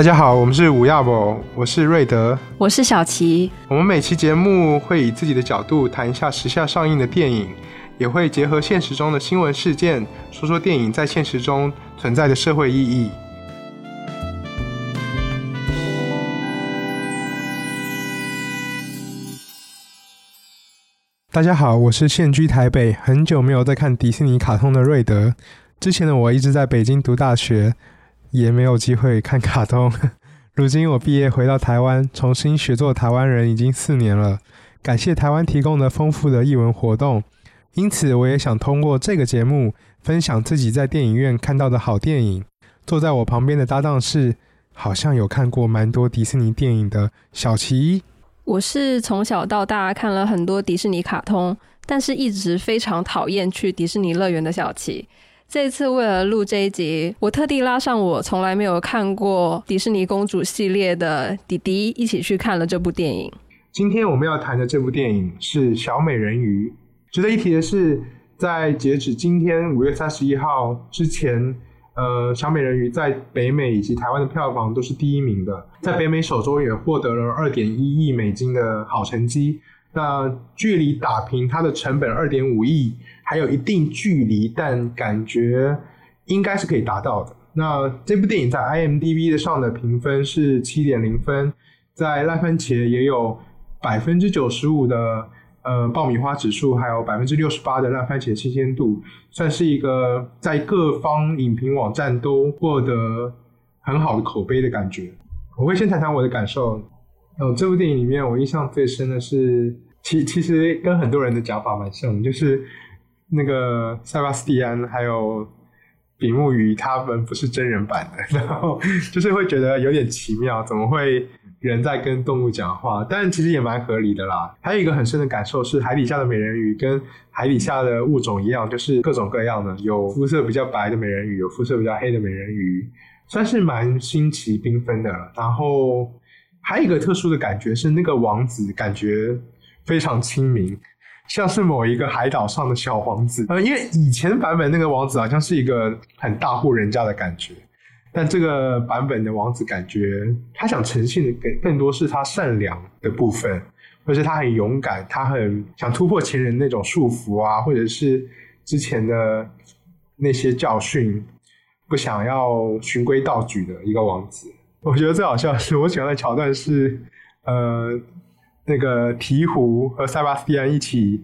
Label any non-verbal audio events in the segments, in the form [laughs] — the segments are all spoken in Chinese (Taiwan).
大家好，我們是吳亞博，我是瑞德，我是小琪。我們每期節目會以自己的角度談一下時下上映的電影，也會結合現實中的新聞事件，說說電影在現實中存在的社會意義。大家好，我是現居台北，很久沒有再看迪士尼卡通的瑞德。之前的我一直在北京讀大學。也沒有機會看卡通。 [laughs] 如今我畢業回到台灣，重新學做台灣人已經四年了。感謝台灣提供的豐富的藝文活動，因此我也想通過這個節目分享自己在電影院看到的好電影。坐在我旁邊的搭檔是，好像有看過蠻多迪士尼電影的小齊。我是從小到大看了很多迪士尼卡通，但是一直非常討厭去迪士尼樂園的小齊。這次為了錄這一集，我特地拉上我從來沒有看過迪士尼公主系列的弟弟一起去看了這部電影。今天我們要談的這部電影是《小美人魚》。值得一提的是，在截止今天五月三十一號之前，呃，《小美人魚》在北美以及台灣的票房都是第一名的，在北美首周也獲得了二點一億美金的好成績。那距離打平它的成本二點五億。還有一定距離，但感覺應該是可以達到的。那這部電影在 IMDB 上的評分是七點零分，在爛番茄也有百分之九十五的呃爆米花指數，還有百分之六十八的爛番茄新鮮度，算是一個在各方影評網站都獲得很好的口碑的感覺。我會先談談我的感受。呃這部電影裡面，我印象最深的是，其其實跟很多人的講法蠻像，就是。那個塞巴斯蒂安還有比目魚，他們不是真人版的，然後就是會覺得有點奇妙，怎麼會人在跟動物講話？但其實也蠻合理的啦。還有一個很深的感受是，海底下的美人魚跟海底下的物種一樣，就是各種各樣的，有膚色比較白的美人魚，有膚色比較黑的美人魚，算是蠻新奇繽紛的了。然後還有一個特殊的感覺是，那個王子感覺非常親民。像是某一個海島上的小王子，呃，因為以前版本那個王子好像是一個很大戶人家的感覺，但這個版本的王子感覺他想呈現的，更多是他善良的部分，而且他很勇敢，他很想突破前人那種束縛啊，或者是之前的那些教訓，不想要循規蹈矩的一個王子。我覺得最好笑的是我喜歡的橋段是，呃。那個鵜鶘和塞巴斯蒂安一起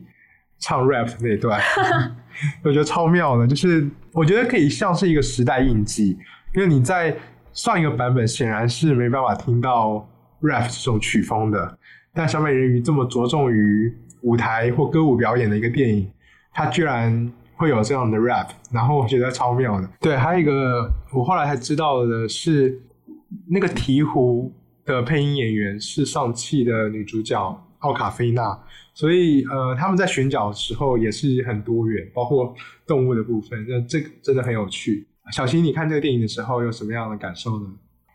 唱 rap 那段， [laughs] [laughs] 我覺得超妙的，就是我覺得可以像是一個時代印記，因為你在上一個版本顯然是沒辦法聽到 rap 這種曲風的，但小美人魚這麼着重於舞台或歌舞表演的一個電影，它居然會有這樣的 rap，然後我覺得超妙的。對，還有一個我後來才知道的是，那個鵜鶘。的配音演員是尚氣的女主角奧卡菲娜，所以呃，他們在選角的時候也是很多元，包括動物的部分，那這真的很有趣。小新，你看這個電影的時候有什麼樣的感受呢？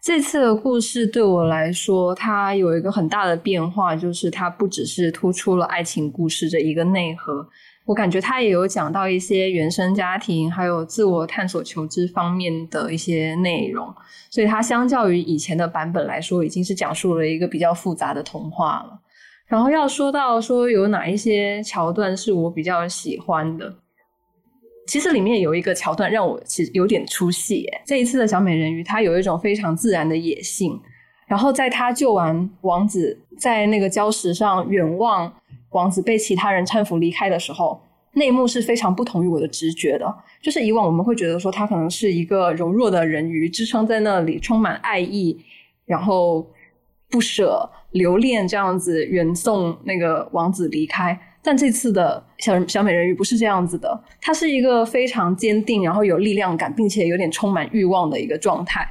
這次的故事對我來說，它有一個很大的變化，就是它不只是突出了愛情故事的一個內核。我感覺他也有講到一些原生家庭，還有自我探索、求知方面的一些內容，所以他相較於以前的版本來說，已經是講述了一個比較複雜的童話了。然後要說到說有哪一些橋段是我比較喜歡的，其實裡面有一個橋段讓我其實有點出戲。這一次的小美人魚，她有一種非常自然的野性，然後在她救完王子，在那個礁石上遠望。王子被其他人攙扶離開的時候，那一幕是非常不同於我的直覺的。就是以往我們會覺得說他可能是一個柔弱的人魚，支撐在那裡，充滿愛意，然後不捨留戀這樣子遠送那個王子離開。但這次的小小美人魚不是這樣子的，它是一個非常堅定，然後有力量感，並且有點充滿慾望的一個狀態。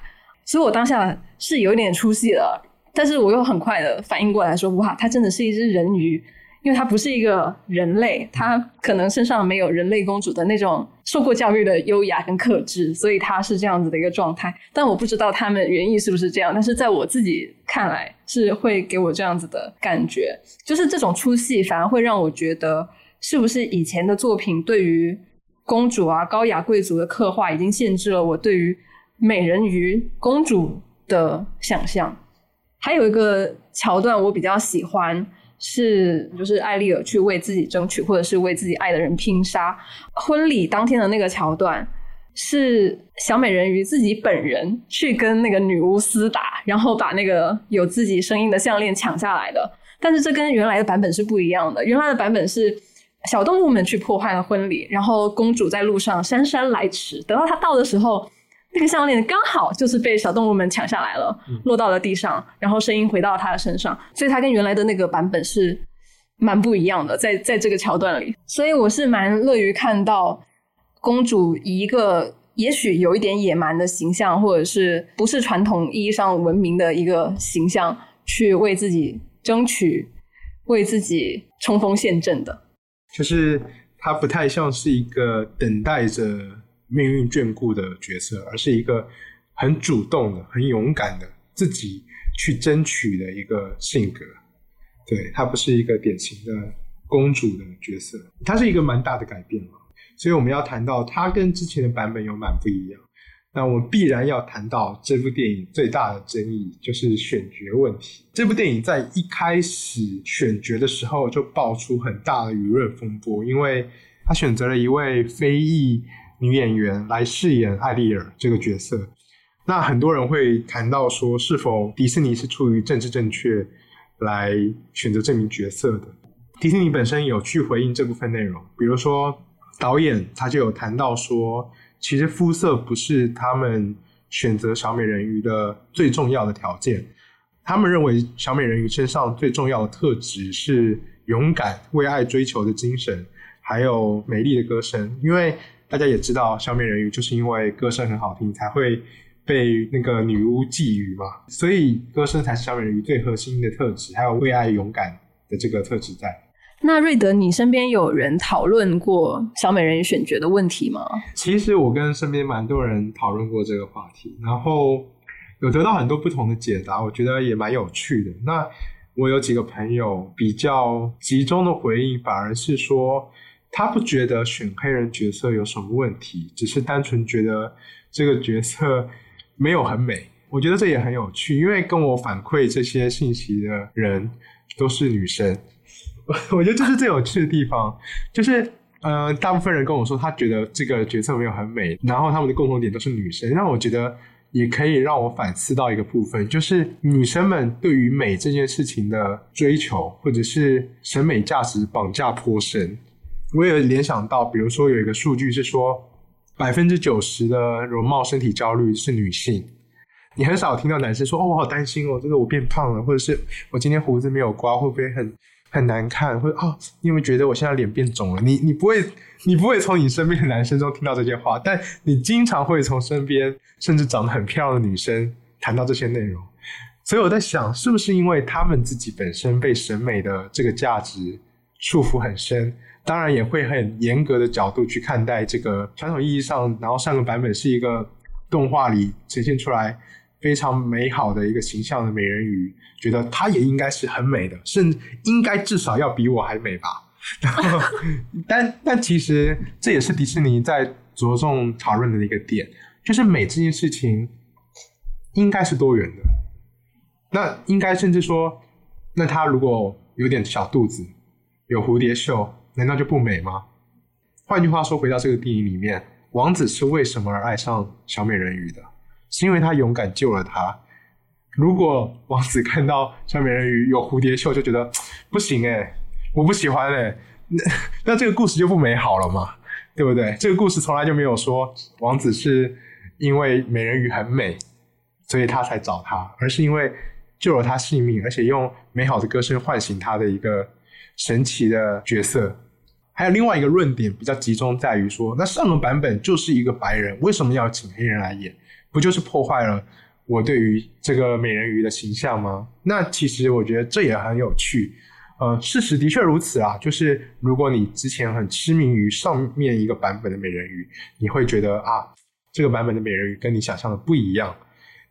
所以我當下是有點出戲了，但是我又很快的反應過來說，哇，它真的是一隻人魚。因為她不是一個人類，她可能身上沒有人類公主的那種受過教育的優雅跟克制，所以她是這樣子的一個狀態。但我不知道他們原意是不是這樣，但是在我自己看來是會給我這樣子的感覺。就是這種出戲反而會讓我覺得，是不是以前的作品對於公主啊、高雅貴族的刻畫已經限制了我對於美人魚公主的想象。還有一個橋段我比較喜歡。是，就是愛麗兒去為自己爭取，或者是為自己愛的人拼殺。婚禮當天的那個橋段，是小美人魚自己本人去跟那個女巫廝打，然後把那個有自己聲音的項鏈搶下來的。但是這跟原來的版本是不一樣的。原來的版本是小動物們去破壞了婚禮，然後公主在路上姍姍來遲，等到她到的時候。那個項鏈剛好就是被小動物們搶下來了，嗯、落到了地上，然後聲音回到他的身上，所以他跟原來的那個版本是蠻不一樣的，在在這個橋段裡，所以我是蠻樂於看到公主以一個也許有一點野蠻的形象，或者是不是傳統意義上文明的一個形象，去為自己爭取、為自己衝鋒陷陣的，就是他不太像是一個等待着。命運眷顧的角色，而是一個很主動的、很勇敢的自己去爭取的一個性格。對，他不是一個典型的公主的角色，他是一個蠻大的改變嘛，所以我們要談到他跟之前的版本有蠻不一樣。那我們必然要談到這部電影最大的爭議，就是選角問題。這部電影在一開始選角的時候就爆出很大的輿論風波，因為他選擇了一位非裔。女演員來飾演愛麗兒這個角色，那很多人會談到說，是否迪士尼是出於政治正確來選擇這名角色的？迪士尼本身有去回應這部分內容，比如說導演他就有談到說，其實膚色不是他們選擇小美人魚的最重要的條件，他們認為小美人魚身上最重要的特質是勇敢、為愛追求的精神，還有美麗的歌聲，因為，大家也知道，小美人魚就是因為歌聲很好聽，才會被那個女巫覬覦嘛。所以，歌聲才是小美人魚最核心的特質，還有為愛勇敢的這個特質在。那瑞德，你身邊有人討論過小美人魚選角的問題嗎？其實我跟身邊蠻多人討論過這個話題，然後有得到很多不同的解答，我覺得也蠻有趣的。那我有幾個朋友比較集中的回應，反而是說。他不覺得選黑人角色有什麼問題，只是單純覺得這個角色沒有很美。我覺得這也很有趣，因為跟我反饋這些信息的人都是女生， [laughs] 我覺得這是最有趣的地方。就是，嗯、呃，大部分人跟我說他覺得這個角色沒有很美，然後他們的共同點都是女生，讓我覺得也可以讓我反思到一個部分，就是女生們對於美這件事情的追求，或者是審美價值綁架頗深。我也聯想到，比如說有一個數據是說，百分之九十的容貌身體焦慮是女性。你很少聽到男生說：“哦，我好擔心哦，這個我變胖了，或者是我今天鬍子沒有刮，會不會很很難看？”會哦，啊，你有沒有覺得我現在臉變腫了？你你不會，你不會從你身邊的男生中聽到這些話，但你經常會從身邊甚至長得很漂亮的女生談到這些內容。所以我在想，是不是因為他們自己本身被審美的這個價值束縛很深。當然也會很嚴格的角度去看待這個傳統意義上，然後上個版本是一個動畫裡呈現出來非常美好的一個形象的美人魚，覺得她也應該是很美的，甚至應該至少要比我還美吧。然後 [laughs] 但但其實這也是迪士尼在着重討論的一個點，就是美這件事情應該是多元的。那應該甚至說，那她如果有點小肚子，有蝴蝶袖。難道就不美嗎？換句話說，回到這個電影裡面，王子是為什麼而愛上小美人魚的？是因為他勇敢救了她。如果王子看到小美人魚有蝴蝶袖，就覺得不行哎，我不喜歡哎，那那這個故事就不美好了嘛，對不對？這個故事從來就沒有說王子是因為美人魚很美，所以他才找她，而是因為救了她性命，而且用美好的歌聲喚醒她的一個神奇的角色。還有另外一個論點比較集中在於說，那上個版本就是一個白人，為什麼要請黑人來演？不就是破壞了我對於這個美人魚的形象嗎？那其實我覺得這也很有趣。呃，事實的確如此啊，就是如果你之前很痴迷於上面一個版本的美人魚，你會覺得啊，這個版本的美人魚跟你想象的不一樣。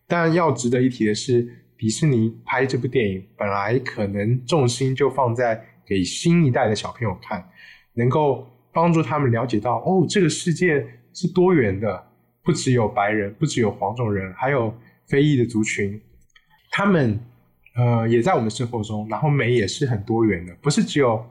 但要值得一提的是，迪士尼拍這部電影本來可能重心就放在給新一代的小朋友看。能夠幫助他們了解到，哦，這個世界是多元的，不只有白人，不只有黃種人，還有非裔的族群。他們，呃，也在我們生活中。然後，美也是很多元的，不是只有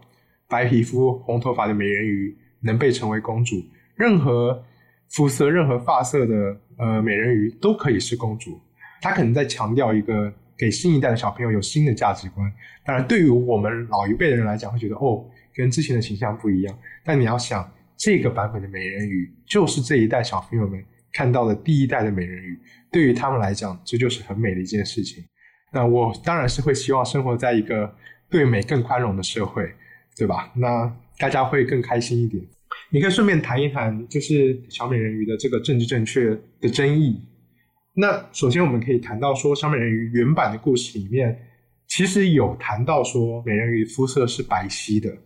白皮膚、紅頭髮的美人魚能被稱為公主。任何膚色、任何髮色的呃美人魚都可以是公主。他可能在強調一個給新一代的小朋友有新的價值觀。當然，對於我們老一輩的人來講，會覺得哦。跟之前的形象不一樣，但你要想，這個版本的美人魚就是這一代小朋友們看到的第一代的美人魚，對於他們來講，這就是很美的一件事情。那我當然是會希望生活在一個對美更寬容的社會，對吧？那大家會更開心一點。你可以順便談一談，就是小美人魚的這個政治正確的爭議。那首先我們可以談到說，小美人魚原版的故事裡面，其實有談到說，美人魚膚色是白皙的。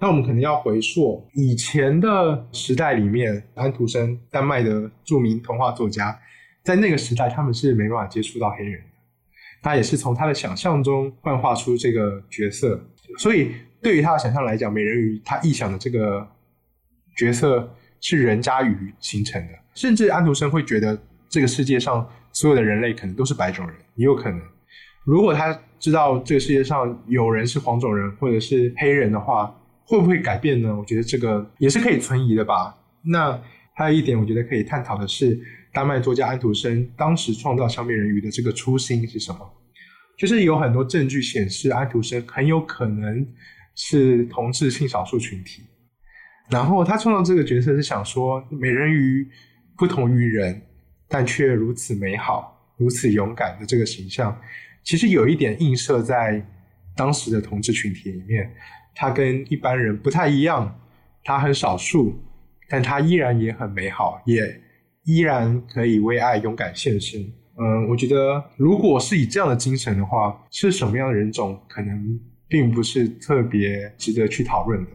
那我們可能要回溯以前的時代裡面，安徒生，丹麥的著名童話作家，在那個時代，他們是沒辦法接觸到黑人的，他也是從他的想象中幻化出這個角色。所以，對於他的想象來講，美人魚他臆想的這個角色是人加魚形成的。甚至安徒生會覺得，這個世界上所有的人類可能都是白種人，也有可能，如果他知道這個世界上有人是黃種人或者是黑人的話。會不會改變呢？我覺得這個也是可以存疑的吧。那還有一點，我覺得可以探討的是，丹麥作家安徒生當時創造《小美人魚》的這個初心是什麼？就是有很多證據顯示，安徒生很有可能是同志性少數群體。然後他創造這個角色是想說，美人魚不同於人，但卻如此美好、如此勇敢的這個形象，其實有一點映射在當時的同志群體裡面。他跟一般人不太一樣，他很少數，但他依然也很美好，也依然可以為愛勇敢獻身。嗯，我覺得如果是以這樣的精神的話，是什麼樣的人種可能並不是特別值得去討論的。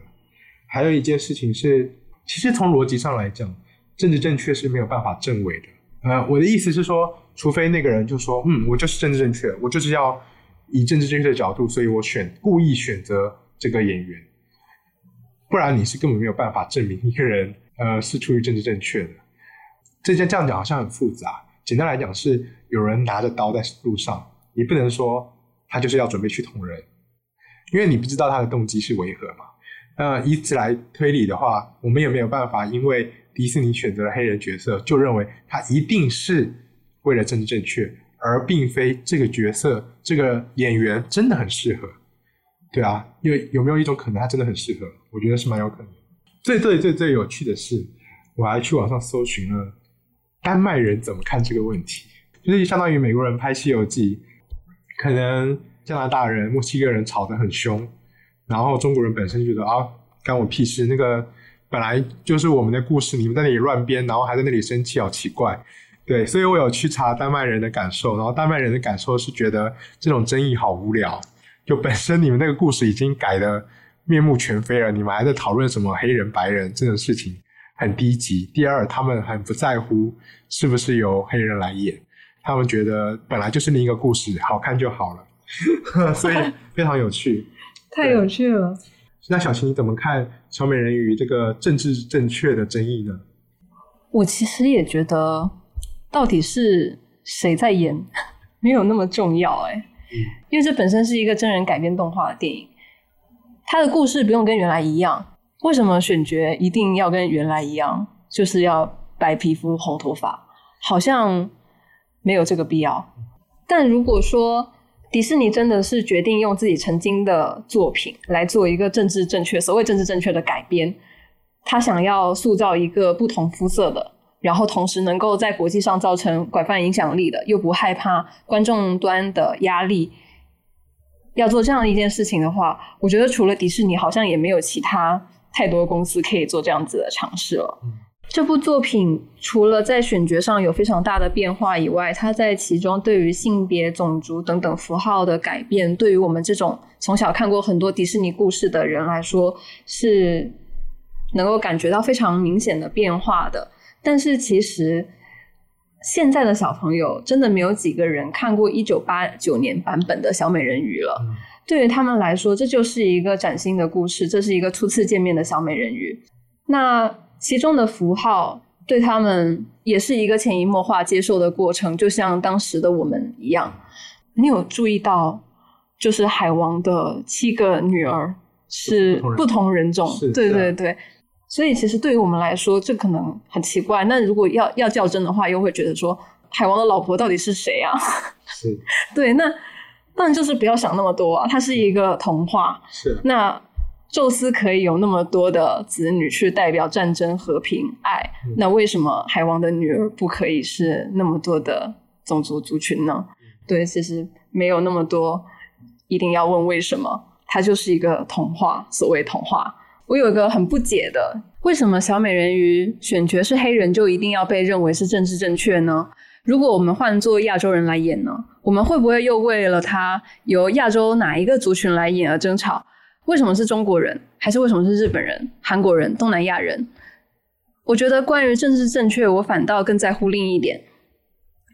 還有一件事情是，其實從邏輯上來講，政治正確是沒有辦法證偽的。呃，嗯，我的意思是說，除非那個人就說，嗯，我就是政治正確，我就是要以政治正確的角度，所以我選，故意選擇。這個演員，不然你是根本沒有辦法證明一個人，呃，是出於政治正確的。這些這樣講好像很複雜，簡單來講是有人拿着刀在路上，你不能說他就是要準備去捅人，因為你不知道他的動機是為何嘛。那、呃、以此來推理的話，我們也沒有辦法，因為迪士尼選擇了黑人角色，就認為他一定是為了政治正確，而並非這個角色，這個演員真的很適合。對啊，有有沒有一種可能，他真的很適合？我覺得是蠻有可能。最最最最有趣的是，我還去網上搜尋了丹麥人怎麼看這個問題，就是相當於美國人拍《西遊記》，可能加拿大人、墨西哥人吵得很凶，然後中國人本身覺得啊，干我屁事，那個本來就是我們的故事，你們在那裡亂編，然後還在那裡生氣，好奇怪。對，所以我有去查丹麥人的感受，然後丹麥人的感受是覺得這種爭議好無聊。就本身你們那個故事已經改得面目全非了，你們還在討論什麼黑人白人這種事情，很低級。第二，他們很不在乎是不是由黑人來演，他們覺得本來就是另一個故事，好看就好了， [laughs] 所以非常有趣， [laughs] 對太有趣了。那小青你怎麼看《小美人魚》這個政治正確的爭議呢？我其實也覺得，到底是誰在演，沒有那麼重要，欸，哎。嗯，因為這本身是一個真人改編動畫的電影，他的故事不用跟原來一樣。為什麼選角一定要跟原來一樣？就是要白皮膚、紅頭髮，好像沒有這個必要。但如果說迪士尼真的是決定用自己曾經的作品來做一個政治正確，所謂政治正確的改編，他想要塑造一個不同膚色的。然後同時能夠在國際上造成廣泛影響力的，又不害怕觀眾端的壓力，要做這樣一件事情的話，我覺得除了迪士尼，好像也沒有其他太多公司可以做這樣子的嘗試了。嗯。這部作品除了在選角上有非常大的變化以外，它在其中對於性別、種族等等符號的改變，對於我們這種從小看過很多迪士尼故事的人來說，是能夠感覺到非常明顯的變化的。但是其實，現在的小朋友真的沒有幾個人看過一九八九年版本的小美人魚了。嗯、對於他們來說，這就是一個嶄新的故事，這是一個初次見面的小美人魚。那其中的符號對他們也是一個潛移默化接受的過程，就像當時的我們一樣。你有注意到，就是海王的七個女兒是不同人種？對對對。所以，其實對於我們來說，這可能很奇怪。那如果要要較真的話，又會覺得說，海王的老婆到底是誰啊？ [laughs] 是，對，那當然就是不要想那麼多，啊，它是一個童話。是，那宙斯可以有那麼多的子女去代表戰爭、和平、愛，嗯、那為什麼海王的女兒不可以是那麼多的種族族群呢？嗯、對，其實沒有那麼多，一定要問為什麼？它就是一個童話，所謂童話。我有一個很不解的，為什麼小美人魚選角是黑人就一定要被認為是政治正確呢？如果我們換做亞洲人來演呢，我們會不會又為了他由亞洲哪一個族群來演而爭吵？為什麼是中國人，還是為什麼是日本人、韓國人、東南亞人？我覺得關於政治正確，我反倒更在乎另一點，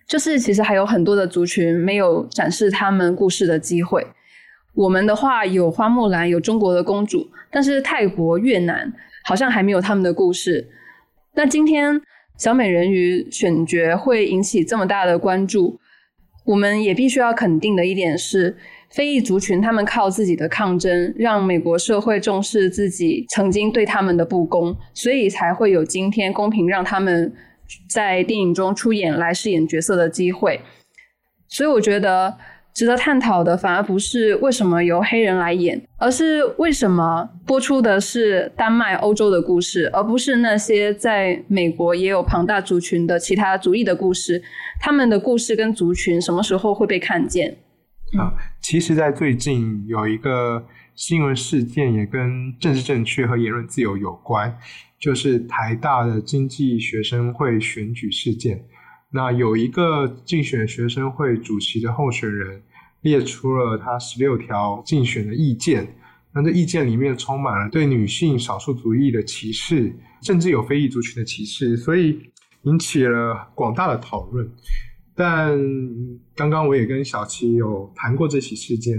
就是其實還有很多的族群沒有展示他們故事的機會。我們的話有花木蘭，有中國的公主，但是泰國、越南好像還沒有他們的故事。那今天小美人魚選角會引起這麼大的關注，我們也必須要肯定的一點是，非裔族群他們靠自己的抗爭，讓美國社會重視自己曾經對他們的不公，所以才會有今天公平讓他們在電影中出演來飾演角色的機會。所以我覺得。值得探討的反而不是為什麼由黑人來演，而是為什麼播出的是丹麥歐洲的故事，而不是那些在美國也有龐大族群的其他族裔的故事？他們的故事跟族群什麼時候會被看見？啊、嗯，其實，在最近有一個新聞事件也跟政治正確和言論自由有關，就是台大的經濟學生會選舉事件。那有一個競選學生會主席的候選人，列出了他十六條競選的意見，那這意見裡面充滿了對女性、少數族裔的歧視，甚至有非裔族群的歧視，所以引起了廣大的討論。但剛剛我也跟小琪有談過這起事件，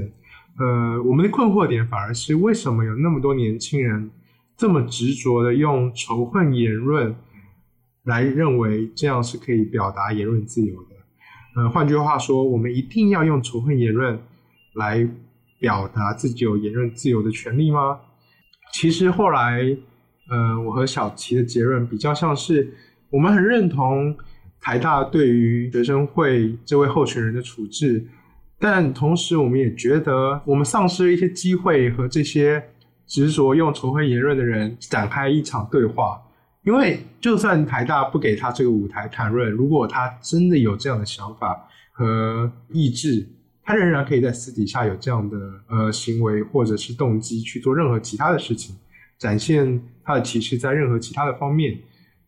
呃，我們的困惑點反而是為什麼有那麼多年輕人這麼執着的用仇恨言論？來認為這樣是可以表達言論自由的，呃，換句話說，我們一定要用仇恨言論來表達自己有言論自由的權利嗎？其實後來，呃，我和小琪的結論比較像是，我們很認同台大對於學生會這位候選人的處置，但同時我們也覺得，我們喪失了一些機會和這些執着用仇恨言論的人展開一場對話。因為就算台大不給他這個舞台談論，如果他真的有這樣的想法和意志，他仍然可以在私底下有這樣的呃行為或者是動機去做任何其他的事情，展現他的歧視在任何其他的方面，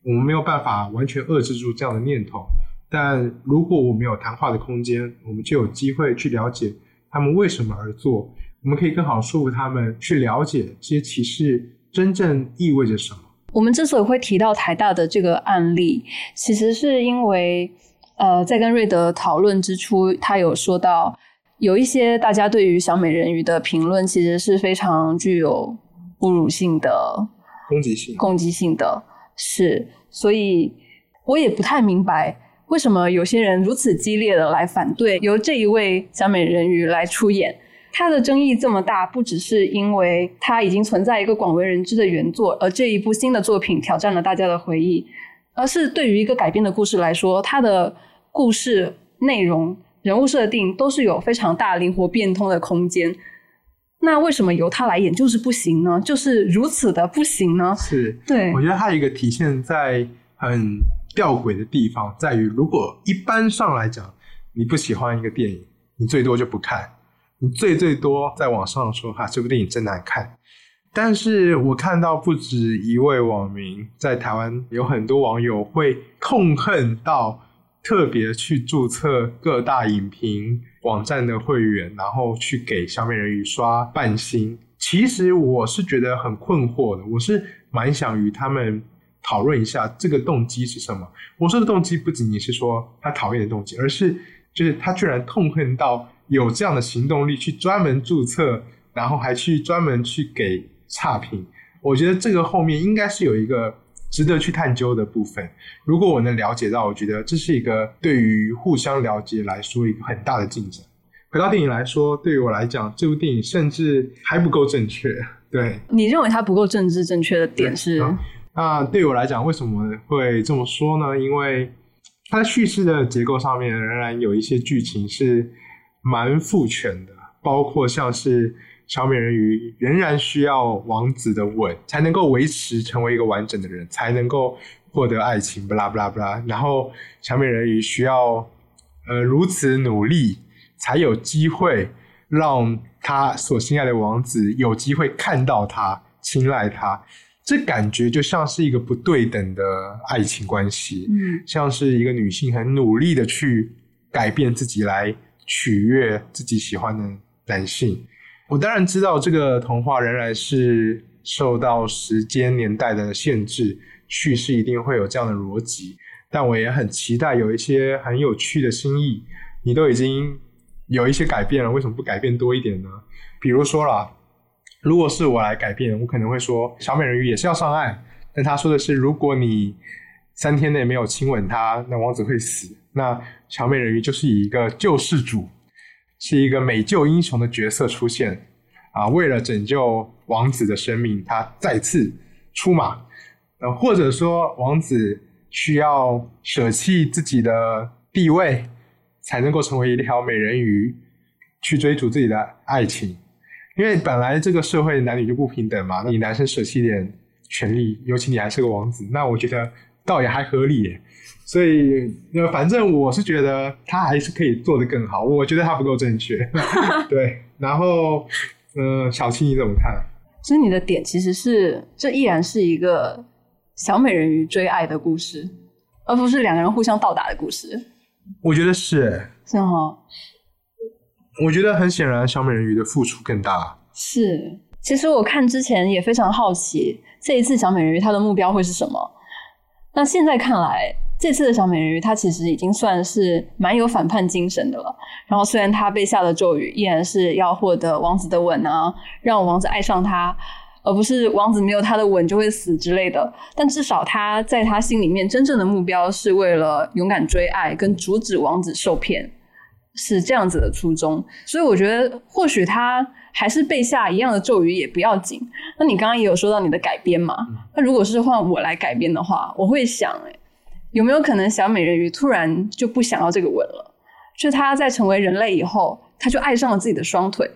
我們沒有辦法完全遏制住這樣的念頭。但如果我們有談話的空間，我們就有機會去了解他們為什麼而做，我們可以更好說服他們去了解這些歧視真正意味着什麼。我們之所以會提到台大的這個案例，其實是因為，呃，在跟瑞德討論之初，他有說到，有一些大家對於小美人魚的評論其實是非常具有侮辱性的、攻擊性、攻擊性的，是，所以我也不太明白為什麼有些人如此激烈的來反對由這一位小美人魚來出演。它的爭議這麼大，不只是因為它已經存在一個廣為人知的原作，而這一部新的作品挑戰了大家的回憶，而是對於一個改編的故事來說，它的故事內容、人物設定都是有非常大靈活變通的空間。那為什麼由他來演就是不行呢？就是如此的不行呢？是。對。我覺得它有一個體現在很吊詭的地方，在於如果一般上來講，你不喜歡一個電影，你最多就不看。你最最多在網上說哈，這部電影真難看。但是我看到不止一位網民在台灣，有很多網友會痛恨到特別去注冊各大影評網站的會員，然後去給《小美人魚》刷半星。其實我是覺得很困惑的，我是蠻想與他們討論一下這個動機是什麼？我說的動機不僅僅是說他討厭的動機，而是就是他居然痛恨到。有這樣的行動力去專門注冊，然後還去專門去給差評，我覺得這個後面應該是有一個值得去探究的部分。如果我能了解到，我覺得這是一個對於互相了解來說一個很大的進展。回到電影來說，對於我來講，這部電影甚至還不夠正確。對，你認為它不夠政治正確的點是？啊、嗯，那對我來講，為什麼會這麼說呢？因為它敘事的結構上面仍然有一些劇情是。蠻父權的，包括像是小美人魚仍然需要王子的吻才能夠維持成為一個完整的人，才能夠獲得愛情，巴拉巴拉巴拉。然後小美人魚需要呃如此努力，才有機會讓他所心愛的王子有機會看到他，青睞他。這感覺就像是一個不對等的愛情關係，嗯，像是一個女性很努力的去改變自己來。取悅自己喜歡的男性，我當然知道這個童話仍然是受到時間年代的限制，敘事一定會有這樣的邏輯。但我也很期待有一些很有趣的新意。你都已經有一些改變了，為什麼不改變多一點呢？比如說啦，如果是我來改變，我可能會說，小美人魚也是要上岸，但他說的是，如果你三天內沒有親吻她，那王子會死。那小美人魚就是以一個救世主，是一個美救英雄的角色出現啊。為了拯救王子的生命，他再次出馬。呃，或者說，王子需要捨棄自己的地位，才能夠成為一條美人魚，去追逐自己的愛情。因為本來這個社會男女就不平等嘛，那你男生捨棄一點權利，尤其你還是個王子，那我覺得。倒也還合理，所以反正我是覺得他還是可以做得更好，我覺得他不夠正確。 [laughs] [laughs] 對，然後嗯、呃、小青你怎麼看？其實你的點其實是，這依然是一個小美人魚追愛的故事，而不是兩個人互相倒打的故事。我覺得是。正好嗎，我覺得很顯然，小美人魚的付出更大。是，其實我看之前也非常好奇，這一次小美人魚她的目標會是什麼？那現在看來，這次的小美人魚她其實已經算是蠻有反叛精神的了。然後雖然她被下了咒語，依然是要獲得王子的吻啊，讓王子愛上她，而不是王子沒有她的吻就會死之類的。但至少她在她心裡面真正的目標是為了勇敢追愛，跟阻止王子受騙。是這樣子的初衷，所以我覺得或許他還是被下一樣的咒語也不要緊。那你剛剛也有說到你的改編嘛。那如果是換我來改編的話，我會想，誒，有沒有可能小美人魚突然就不想要這個吻了？就他在成為人類以後，他就愛上了自己的雙腿，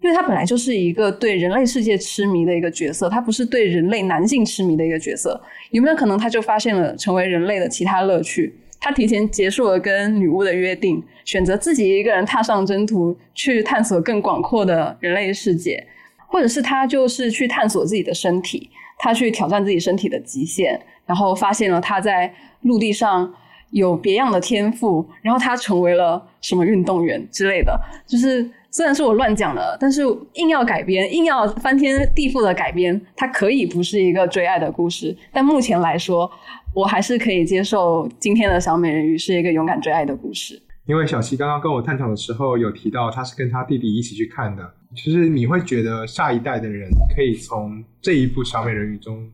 因為他本來就是一個對人類世界痴迷的一個角色，他不是對人類男性痴迷的一個角色。有沒有可能他就發現了成為人類的其他樂趣？他提前結束了跟女巫的約定，選擇自己一個人踏上征途，去探索更廣闊的人類世界，或者是他就是去探索自己的身體，他去挑戰自己身體的極限，然後發現了他在陸地上有別樣的天賦，然後他成為了什麼運動員之類的，就是。雖然是我亂講的，但是硬要改編，硬要翻天地覆的改編，它可以不是一個追愛的故事。但目前來說，我還是可以接受今天的小美人魚是一個勇敢追愛的故事。因為小七剛剛跟我探討的時候有提到，他是跟他弟弟一起去看的。其實你會覺得下一代的人可以從這一部小美人魚中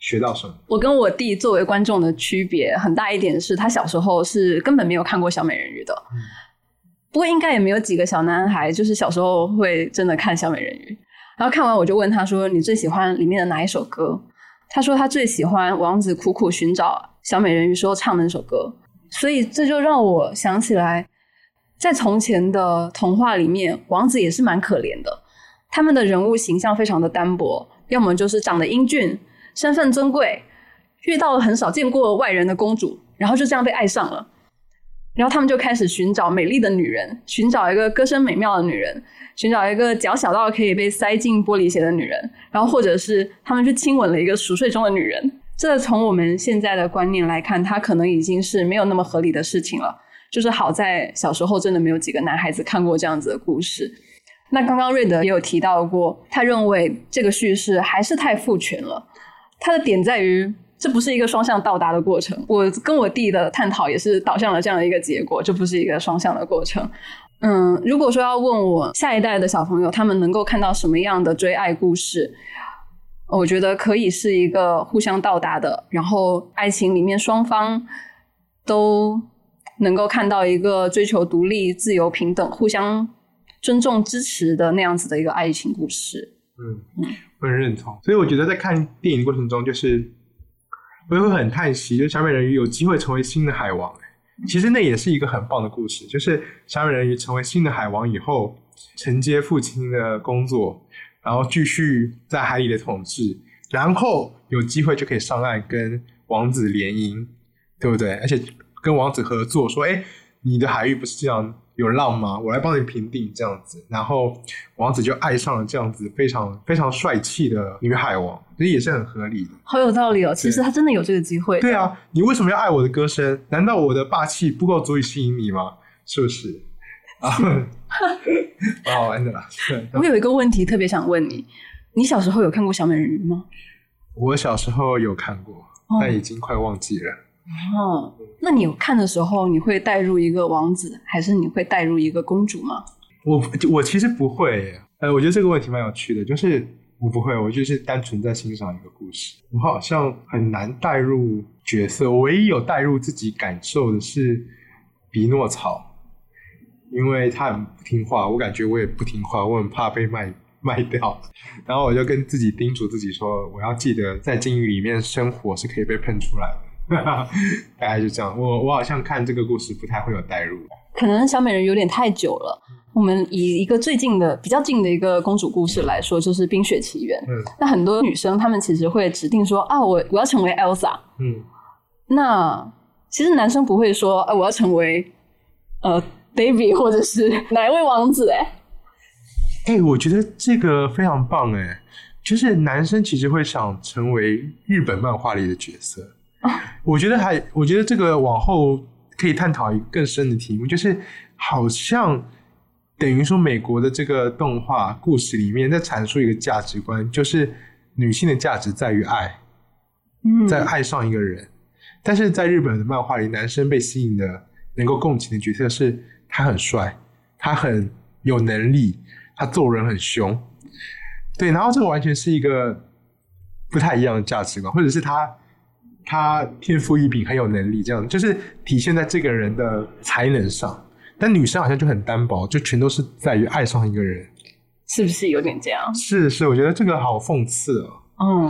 學到什麼？我跟我弟作為觀眾的區別很大一點是，他小時候是根本沒有看過小美人魚的。嗯不過應該也沒有幾個小男孩，就是小時候會真的看小美人魚。然後看完我就問他說：“你最喜歡裡面的哪一首歌？”他說他最喜歡王子苦苦尋找小美人魚時候唱的那首歌。所以這就讓我想起來，在從前的童話裡面，王子也是蠻可憐的。他們的人物形象非常的單薄，要麼就是長得英俊，身份尊貴，遇到了很少見過外人的公主，然後就這樣被愛上了。然後他們就開始尋找美麗的女人，尋找一個歌聲美妙的女人，尋找一個腳小到可以被塞進玻璃鞋的女人。然後或者是他們去親吻了一個熟睡中的女人。這從我們現在的觀念來看，它可能已經是沒有那麼合理的事情了。就是好在小時候真的沒有幾個男孩子看過這樣子的故事。那剛剛瑞德也有提到過，他認為這個敘事還是太父權了。他的點在於，這不是一個雙向到達的過程。我跟我弟的探討也是導向了這樣的一個結果，這不是一個雙向的過程。嗯，如果說要問我下一代的小朋友，他們能夠看到什麼樣的追愛故事，我覺得可以是一個互相到達的，然後愛情裡面雙方都能夠看到一個追求獨立、自由、平等、互相尊重、支持的那樣子的一個愛情故事。嗯嗯，嗯我很認同。所以我覺得在看電影的過程中，就是。我也會很嘆息，就小、是小美人魚有機會成為新的海王，其實那也是一個很棒的故事，就是小美人魚成為新的海王以後，承接父親的工作，然後繼續在海裡的統治，然後有機會就可以上岸跟王子聯姻，對不對？而且跟王子合作，說，哎，你的海域不是這樣。有浪嗎？我來幫你平定。這樣子，然後王子就愛上了這樣子非常非常帥氣的女海王，所以也是很合理的。好有道理哦！是其實他真的有這個機會。對啊，你為什麼要愛我的歌聲？難道我的霸氣不夠足以吸引你嗎？是不是？啊是，蠻好玩的啦。我有一個問題特別想問你，你小時候有看過小美人魚嗎？我小時候有看過，但已經快忘記了。哦然後、嗯，那你看的時候，你會帶入一個王子，還是你會帶入一個公主嗎？我我其實不會，誒、呃、我覺得這個問題蠻有趣的，就是我不會，我就是單純在欣賞一個故事。我好像很難帶入角色，我唯一有帶入自己感受的是匹諾曹，因為他很不聽話，我感覺我也不聽話，我很怕被賣賣掉，然後我就跟自己叮囑自己說，我要記得在鯨魚裡面生活是可以被噴出來的。哈哈， [laughs] 大概就這樣。我我好像看這個故事不太會有代入。可能小美人有點太久了。嗯、我們以一個最近的、比較近的一個公主故事來說，就是《冰雪奇緣》。嗯，那很多女生她們其實會指定說：“啊，我我要成為 Elsa。”嗯，那其實男生不會說：“啊，我要成為呃，David 或者是哪一位王子、欸？”誒。哎，我覺得這個非常棒誒、欸，就是男生其實會想成為日本漫畫裡的角色。我覺得還，我覺得這個往後可以探討一個更深的題目，就是好像等於說美國的這個動畫故事裡面在闡述一個價值觀，就是女性的價值在於愛，在愛上一個人，嗯，但是在日本的漫畫裡，男生被吸引的能夠共情的角色是他很帥，他很有能力，他做人很兇，對，然後這個完全是一個不太一樣的價值觀，或者是他。他天賦異稟，很有能力，這樣就是體現在這個人的才能上。但女生好像就很單薄，就全都是在於愛上一個人，是不是有點這樣？是是，我覺得這個好諷刺哦、喔。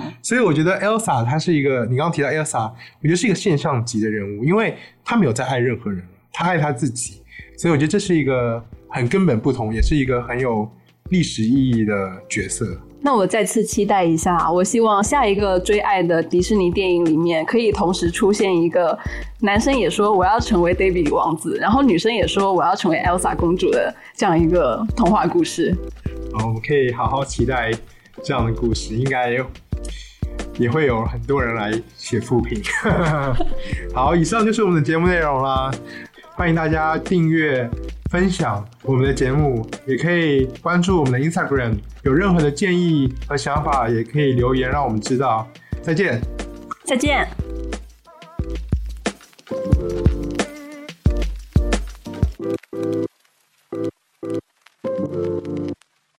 嗯，所以我覺得 Elsa 她是一個，你剛剛提到 Elsa，我覺得是一個現象級的人物，因為她沒有在愛任何人，她愛她自己。所以我覺得這是一個很根本不同，也是一個很有歷史意義的角色。那我再次期待一下，我希望下一個追愛的迪士尼電影裡面可以同時出現一個男生也說我要成為 David 王子，然後女生也說我要成為 Elsa 公主的這樣一個童話故事。我們可以好好期待這樣的故事，應該也會有很多人來寫負評。 [laughs] 好，以上就是我們的節目內容啦，歡迎大家訂閱。分享我們的節目，也可以關注我們的 Instagram。有任何的建議和想法，也可以留言讓我們知道。再見，再見。